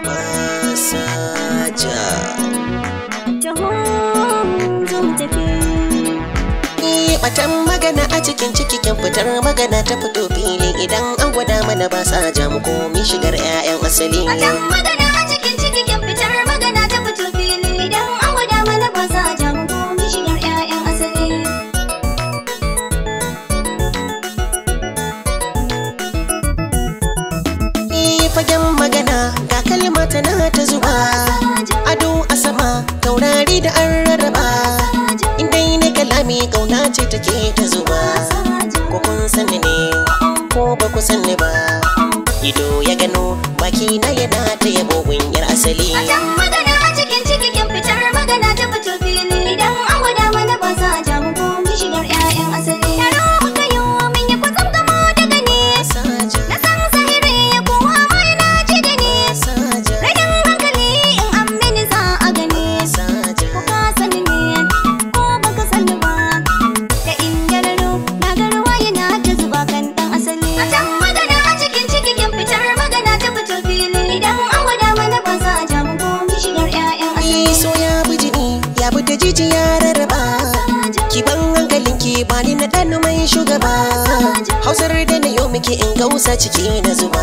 Masaja Taho zo mu tafi Batan magana a cikin cikin kyan fitar magana ta fito fili idan an gwada mana ba sa ja mu komi shigar 'ya'yan asali. Batan magana a cikin cikin kyan fagen magana ga kalma tana ta zuba ado a sama taurari da an rarraba yi na kalami kauna ce take ta zuba ko kun sani ne ko ba ku sani ba ido ya gano baki na yana ta yabo yar asali sarki bani na ɗan mai shugaba hausar da na yau muke in gausa ciki na zuba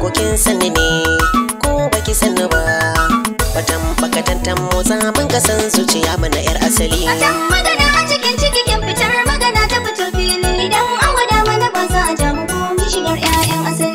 ko kin sani ne ko baki sani ba batan bakatantan motsa ban kasan zuciya mana yar asali a magana a cikin ciki fitar magana ta fito fili idan an gwada mana ba za a jamu ko shigar 'ya'yan asali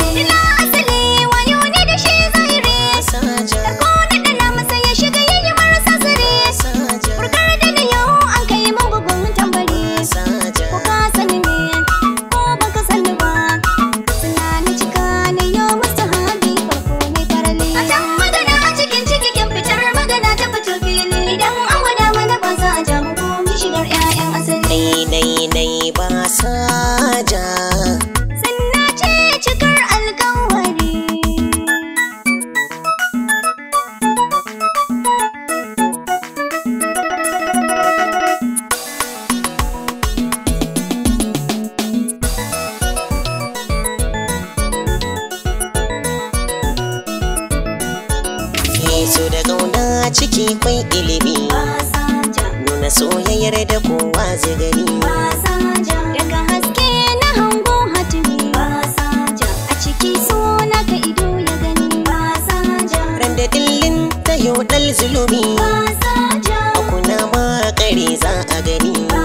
su da gauna ciki kwai ilimi nuna soyayyar da kowa zai daga haske na hango hatimi a ciki suna ka ido ya gani randa dillin ta yodal zulumi a kuna ma za a gani